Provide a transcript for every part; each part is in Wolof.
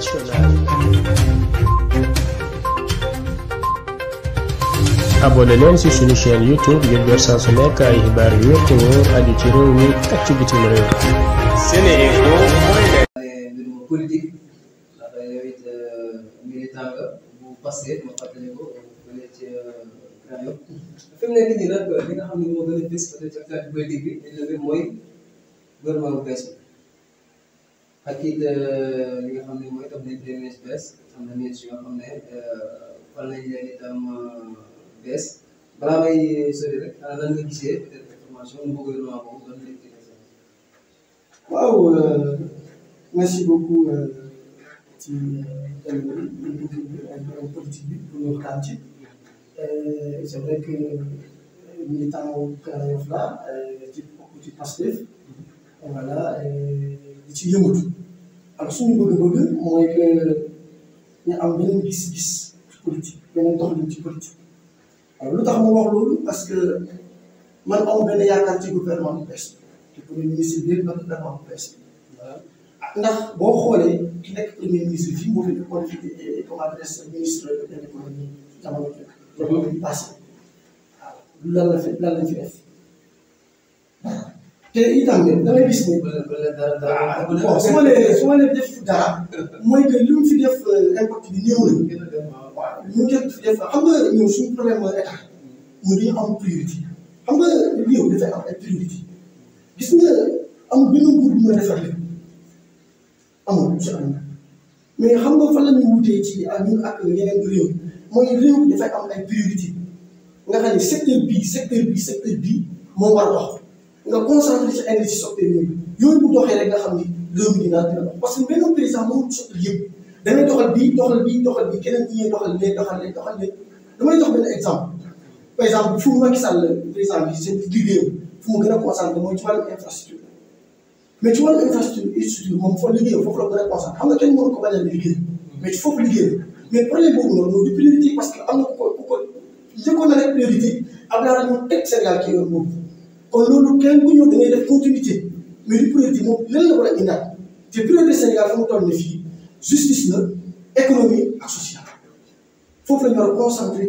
internationale. abonné leen youtube jot saa su nekk ay xibaar yu wér te ci réew mi ak ci bitim réew. Sénéinfo. mbirum politique ndax yow it euh, militant nga bu passé ma fàttali ko fële ci Grand Yoff fi mu nekk nii nag li nga moo gën ak it euh, li nga xam ne mooy daf nañ benn espèce am ne euh, fan lañ leen itam euh, bees balaa may sori rek lan nga gisee peut-être information bu gouvernement boobu ban lañ waaw merci beaucoup ci thème bi ak politique bi pour ñu waxtaan ci c'est vrai que militant Grand Yoff la ci ci yëngatu ak suñu bëgg-bëgg mooy que ñu am beneen gis-gis ci politique beneen lu tax ma wax loolu parce que man amu benn yaakaar ci gouvernement bu bees te premier ministre bi ah, ndax boo xoolee ki nekk premier ministre fii moo fi nekkoon fi comme adresse ministre de l'économie jamono bi passé waaw lan la fi lan lañ fi def te itam ne da ngay gis ne. waaw ah, su ma nee su ma nee def dara. mooy que mu fi def euh, impact bi néew na. waaw mu fi def xam nga ñoom problème mooy mu dañu am priorité xam nga réew am ay gis nga am benn bu ñu defar lépp amul am mais xam nga fan la ñu wutee ci ah, ñun ak yeneen réew mooy réew dafay am ay priorité nga xam ne secteur bii secteur bii secteur bii moo war a nga concentré sa énergie soxla yooyu yooyu bu doxee rek xam ni réew mi dina dina dox parce que benn président mënul soxla yëpp da ngay doxal bii doxal bii doxal bi keneen ñi doxal lee doxal lee doxal lee dama lay jox benn exemple par exemple fu Macky Sall président bi seen liggéeyam gën a concentré mooy ci wàllu infrastructure mais ci moom foofu liggéeyam foofu la gën a concentré xam nga kenn mënu ko bañ a liggéey mais ci foofu liggéeyam mais problème boobu noonu di priorité parce que am na ku ko ku ko njëkkoon na rek priorité am naa la ñu teg Sénégal kii yoon boobu kon loolu kenn ku ñëw da ngay def continuité mais li priorité moom lan la war a indaat te Sénégal fu mu toll nii fii justice la économie ak sociale foofu la ñu war Sénégal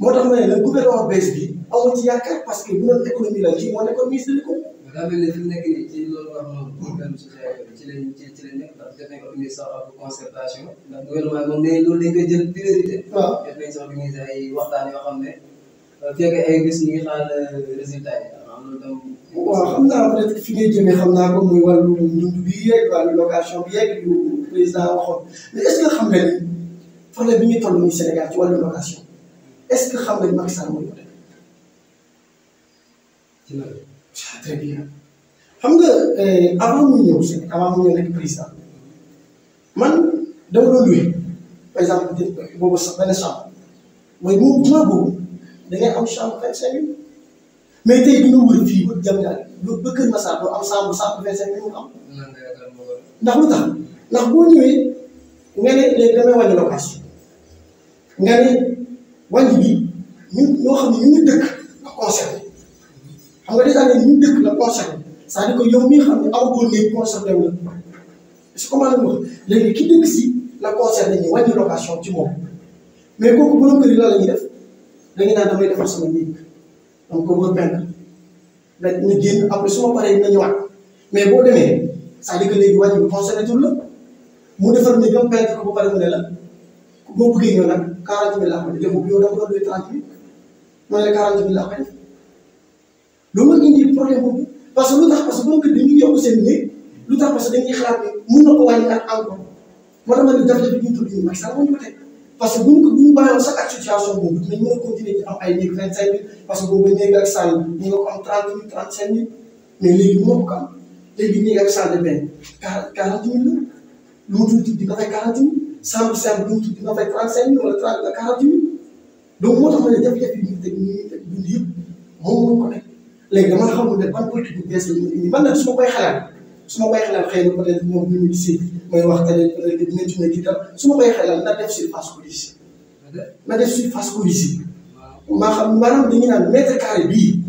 moo tax ma ne la gouvernement bees bi amoo ci yaakaar parce que bu doon économie la kii moo nekkoon ministre de l'économie. daa mel ne fi mu nekk ci loolu wax noonu problème social ci lañ ci ci lañ nekk ndax def nañ ko indi sax ab concertation ndax gouvernement loolu dañ koy jël priorité. waxtaan yoo xam ne. fekk ay bés yi nga xaar euh, résultat yi. xam naa peut fi ngay jëmee xam naa ko muy wàllu dund bi yeeg wàllu location bi président est ce que xam nga ni bi ñu toll nii Sénégal ci wàllu location est ce que xam nga ni Macky Sall mooy wote. Ah, très bien xam nga euh, avant mu ñëw si avant mu ñëw nekk président man dama doon par exemple boobu sax benn chambre mu ma boobu. da ngay am chambre vingt cinq mille mais tey bi nga wër fii ba jam daal ba Kër Masar doo am chambre chambre vingt cinq mille am. ndax lu tax ndax boo ñëwee nga ne léegi damay wàññi location nga ne wàññi bi ñun ñoo xam ñu dëkk la concerné xam nga déjà ne ñu dëkk la concerné c'est-à-dire que yow mii xam ne amagoo léegi concerné wu la su ko mën a wax léegi ki dëkk si la concerné ñu wàññi location ci moom mais kooku borom kër yi la la ñuy def. da nga naan damay defar sama nji donc mooy benn nag ñu génn après su paree dina ñëwaat mais boo demee c'est-à-dire que léegi wàññi conseillé tur la mu defar ni nga perte ko ba pare mu ne la boo bëggee ñëw def yow da parce que lu tax parce que donc dañuy yokk seen néeg lu tax parce que dañuy xalaat ne mun na ko wàññi ak encore moo tax ma ne jafe-jafe tudd ñu Macky Sall moo ñu ko teg parce que bu ñu ko bu ñu parce que boobu néeg ak salle ñu nga ko am trente la lu tuuti dina fay quarante mille chambre simple lu tuuti dina man nag su ma koy su ma koy xelal xëy na peut être ñoom ñu ngi si may wax que ne peut être dinañ ci may jiital su ma koy xelal na def surface corrigée na def surface corrigée maa xam maanaam dañu naan mètre carré bii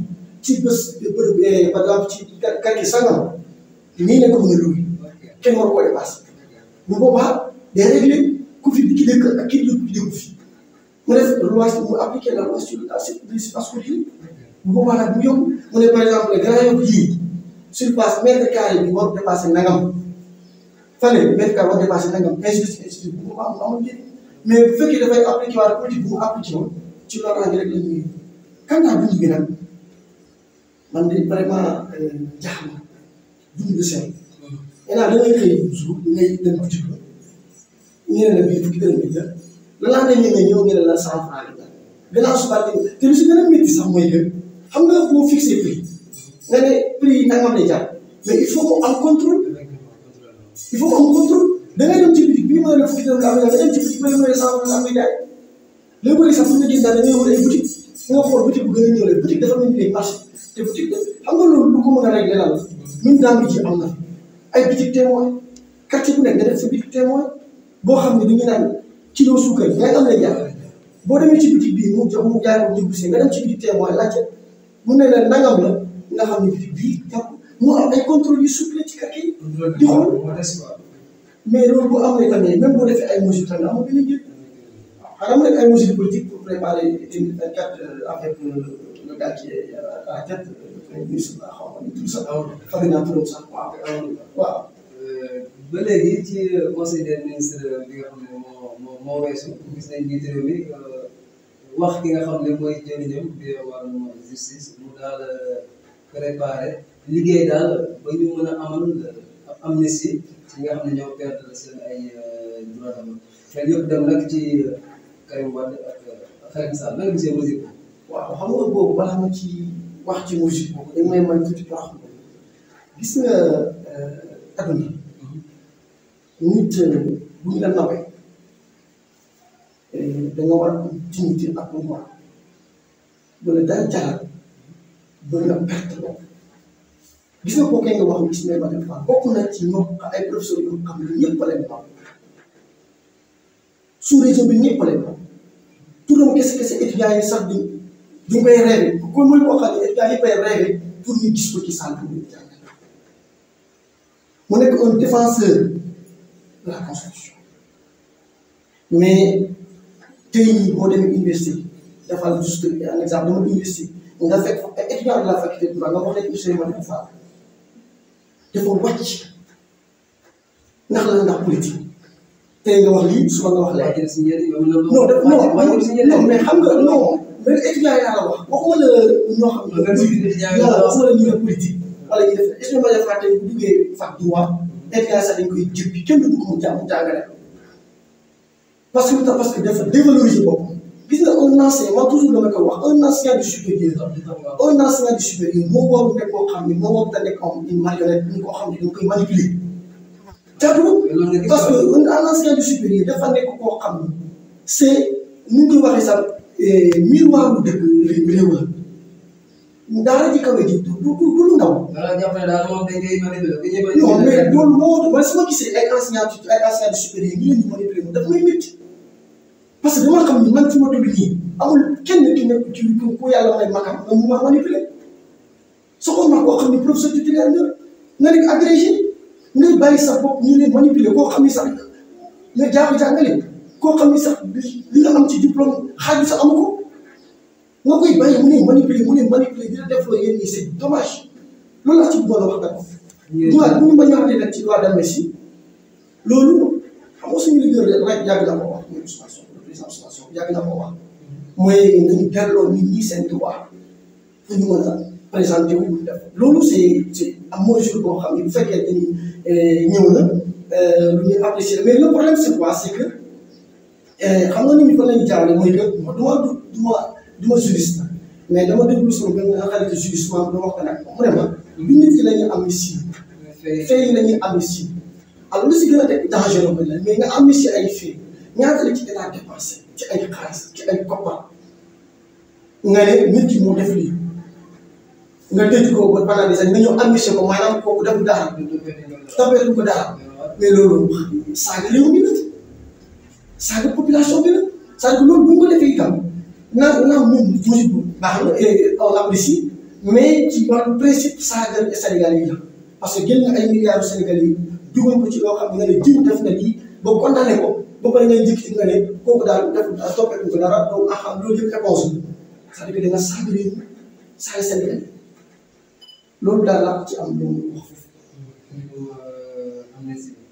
ci bés bërëb eh, par exemple ci kàr gi sangam nii lañ ko mën a luy kenn waru ko dépassé bu boobaa day réglé ku fi ki dëkk ak ki dëkk fi mu def loi mu appliqué la loi sur la surface corrigée bu boobaa nag bu yóbbu mu ne par exemple gannaaw yóbbu yii. surface mètre carré bi war dépassé nangam fële mètre carré war dépassé nangam ainsi de mais bu fekkee dafay appliqué wàllu politique bu mu appliqué ci lorange rek la ñuy kantaa dund bi nag man de vraiment euh, jaaxal na dund bi seen yàlla da ngay xëy jour ngay dem boutique ba ñu ne la bii la la laata ñëwee ñëw ñu ne la cent franc la gannaaw suba te lu si gën a nga ne prix yi nangam lay jàpp mais il faut que am contrôle il faut que am da ngay dem ci bitik bii mooy le fukki dërëm la am nga dem ci bitik bii mooy le cent franc nga jaay léegi bëri sax a ñëw rek boutique dafa mel ni marché te boutique a régler la même daan bi ci am na bu nekk nga sa boutique témoin boo xam ne dañuy naan kilo suukar ñaata am lay jaar boo demee ci boutique bii mu jox mu jaay mu jublu si nga dem ci boutique témoin laajte mu ne la nangam la nga xam ne bii bii jàpp moo am ay contrôle yu souple ci kàkk yi. di xool mais loolu bu amee tamit même boo defee ay mesures tamit amul benn njëriñ waaw xanaa rek ay mesures politiques pour préparer 2024 avec le gars qui est à la tête premier ministre la xaw ma tur sax fàgg naa turam sax waaw waaw. Euh, ba léegi ci conseil des ministres bi nga xam ne moo moo moo weesu gis nañ njiit réew mi euh, wax ki nga xam ne mooy jëriñam bi wàllum justice mu euh, préparer liggéey daal ba ñu mën a amal ab euh, amnistie ci nga xam ne ñoo perdre seen ay euh, droits am mais yëpp ci euh, Karim boobu balaa wax ci musique boobu dañ wax gis nga adduna mhm. nit bu ñu la nawee da ak mu war wala daa loolu nag perte la gis nga kooku nga wax ni gis nga Ismaïla Madior Fall bokk na ci ñoom ay professeur yoo xam ne ñëpp a leen moom sous région bi ñëpp a leen moom turam kese kese étudiants yi sax duñ duñ koy rêvé kon mooy koo xam ne étudiants yi koy rêvé pour ñu gis mu nekk un défenseur la constitution mais tey jii boo demee université dafal juste un exemple dama nga fekk e, étudiant de la faculté de droit nga wax leen Serigne Malick Fall dafa wàcc ndax la ndax nga wax lii suba nga wax la. non def non mais xam nga non mais étudiant yi la wax waxuma la ñoo xam ne. waxuma la ñu ne politique. wala ñu def Serigne Malick Fall tey bu duggee fac droit étudiant sax dañ koy jëppi kenn du ko mu jàng jàngale parce que parce que gis nga un enseignant ma toujours dama koy wa un enseignant du supérieur un enseignant du supérieur moo waru nekk koo xam ne moo waru nekk nekk koo xam ne c' est nu ñu koy waxee sax eh, miroir bu dëkk réew la daara ji kaw ji du du du lu ndaw. daal jàpp ne daal moom dañ koy manipuler dañ koy manipuler. non mais loolu moo ma gisee parce que dama xam ne man fi ma dugg nii amul kenn ki nekk ci ku yàlla may makam moom mu ma manipulé soxal ma koo xam ne professeur titulaire nga nga nekk agrégé ngay bàyyi sax bopp ñu leen manipulé koo xam ne sax nga jaaxle jàngale koo xam ne sax li nga am ci diplôme xaaju sax amu ko nga koy bàyyi mu ne manipulé mu ne manipulé dina def loo yéen ñi c'est dommage loolu laa ci bëggoon a wax dara. ñu ñu nga suñu liggéey rek yàgg naa ko wax ñoom transformation yàgg na ko wax mooy nañu delloo nit ñi seen droit pour ñu mën a présenter wu ñu def loolu c'est c'est am mesure boo xam ne bu fekkee dañuy ñëw na lu ñuy apprécier mais le problème c'est quoi c'est que euh, xam nga ni ñu ko lañu jaarale mooy que du ma du ma du ma juriste mais dama déglu sama benn xarit juriste maam dama wax ko nag vraiment lu nit yi la ñu am ici fee yi la ñuy am ici alors lu si gën a def dangereux mais nga am ici ay fee ñaata la ci état dépensé ci ay xaalis ci ay koppar nga ne nit ki moo def lii nga dëj ko ba analyser nga ñëw amnistié ko maanaam kooku def dara ko dara mais loolu saaga réew mi la saaga population bi la saaga loolu bu ñu ko defee itam naa naa moom toujours bu baax na on apprécie mais ci wàllu principe saaga Sénégal yi la parce que génn ay milliards Sénégal yi dugal ko ci loo xam ne nga ne jiw def na lii ba condamné ko. ba pare ngay njëkk nga ne kooku daal def daal soppeeku ko dara donc ah loolu yëpp éponge nga saagale saay Sénégal loolu daal laa ci am lu mu wax foofu. Euh,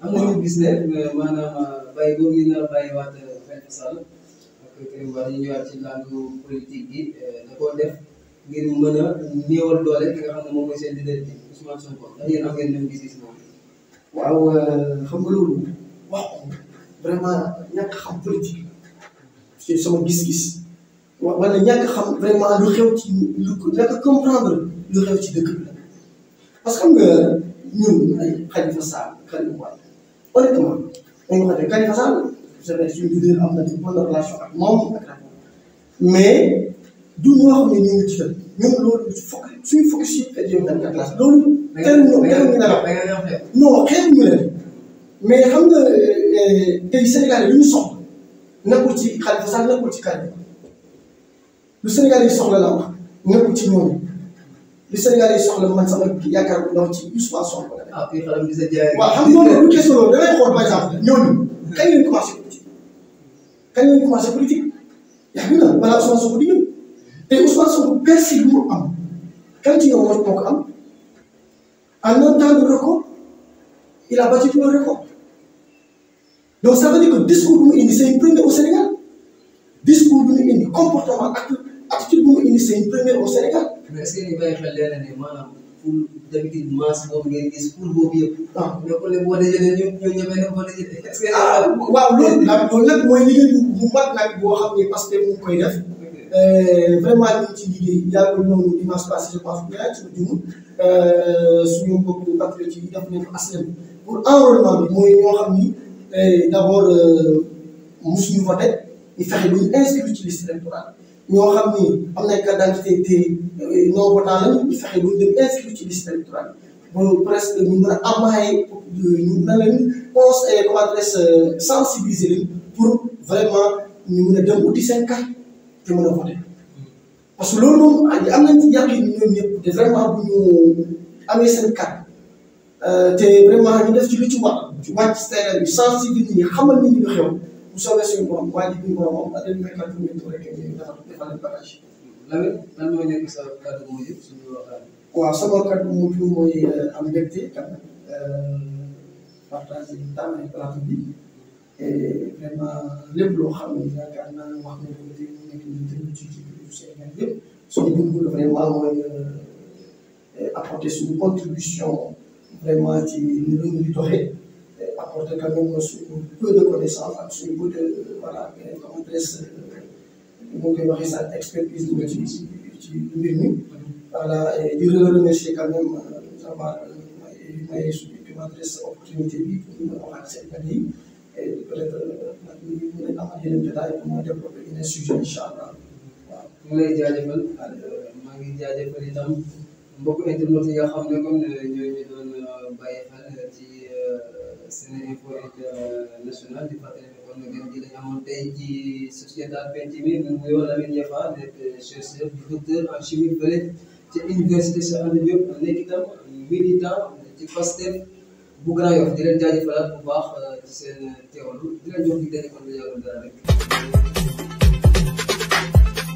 am nañu gis ne euh, maanaam euh, bàyyi boobu ñu nar a bàyyiwaat Fanta Sall ñu ñëwaat ci langue politique bi a néewal doole ki nga xam moom mooy seen leader bi Ousmane Sonko ndax yéen am ngeen même gis-gis xam nga loolu wax ko vraiment ñàkk xam politique ci sama gis-gis wala ñàkk xam vraiment lu xew ci lu ñàkk comprendre lu xew ci dëkk bi la parce que xam nga ñun ay Khalifa Sall Karim Wade honnêtement dañu wax ne Khalifa Sall c'est vrai suñu leader am na une bonne relation ak moom ak mais du ñoo xam ne ñu ngi jiital ñun loolu fo suñu focus yi ak yow dañ ko classe loolu. da ngeen da ngeen ñu ne la non xeetu ñu leen. mais xam nga euh, tey Sénégal yi lu ñu soxla nekkul ci Khalifa Sall nekkul ci Karim lu Sénégal yi soxla la wax nekkul ci ñoom lu Sénégal yi soxla man sama yaakaar bu ndaw ci Ousmane Sonko la. ah kii xalam gis waaw xam nga loolu lu question loolu damay xool par exemple ñooñu kañ lañ commencé politique kañ lañ commencé politique yàgg na balaa Ousmane Sonko di ñëw te Ousmane Sonko persil mu am kan ci yow moo ko am en un temps de record il a battu tout le record. donc ça veut dire que discours bu mu indi c'est une première au Sénégal discours bu mu indi comportement ak attitude bu mu indi c'est une première au Sénégal. mais est-ce que ñu bàyyi xel leneen ne maanaam pour d'habitude masse boobu ngeen gis pour boobu yëpp. waaw ah, mais kon nag boo dajale ñu ñu ñeme na boo dajale. est-ce que. ah waaw loolu nag loolu nag mooy liggéey bu mag nag boo xam ne parce que mu ngi koy def. Euh, vraiment ñu ngi ci liggéey yàggul noonu dimanche passé je pense que yaa ngi ci jumul euh, suñu mbokku patriote yi def nañu ko askan pour enrôlement bi mooy ñoo xam ni. d' abord euh, mosuñu voté ñu fexe ba ñu inscrire ñoo xam ni am na carte d'identité te euh, non votant lañu ñu fexe ba dem inscrire ci liste électorale ba presque ñu mën a amaay euh, ñu na leen onze et comment dirais sensibiliser leen pour vraiment ñu mën a dem uti seen carte te mën a voté parce que loolu moom am nañu ci yàq yi ñoom ñëpp te vraiment bu ñu amee seen carte. Euh, te vraiment ñu def ci lu ci war ci wàcc si terrain bi sensibiliser nit ñi xamal nit ñi lu xew mu moom ak dañu fekk ak ñu nekk rek ñu defal defal leen bagage. Lamine lan moo nekk sa kàddu mooy yëpp suñu waxtaan. waaw sama kàddu mujj mooy euh, am mbégte tam euh, partager temps bi et vraiment lépp loo xam ne yaakaar naa wax nga ko te mu nekk nii tamit ci ci biir Sénégal yëpp suñu dund vraiment mooy apporter contribution. vraiment ci ñu ñu doxee apporter quand même de connaissance ak suñu peu de voilà comment dirais-je euh, koy waxee sa expertise bi ci ci mbir mi. voilà di remercier quand même euh, d'avoir may euh, may bi pour ñu waxaat seen kàddu yi et peut-être nag ñu mën a amal yeneen détail pour mu développer yeneen sujet incha allah waaw. ñu ngi lay jaajëfal maa ngi jaajëfal mbokku internet yi nga xam ne comme euh, ñoo ñu doon euh, bàyyi xel euh, ci SeneInfo International di fàttali kon ngeen di lañ amoon tey ci sociétal penc bi mu nuyoo Lamine Yafa nekk chercheur docteur en chimie fële ci université Cheikh Anta Diop nekk itam militant ci Pastef bu Grand Yoff di leen jaajëfalaat bu baax ci seen teewlu di leen jox di leen kon la yàlla dara rek.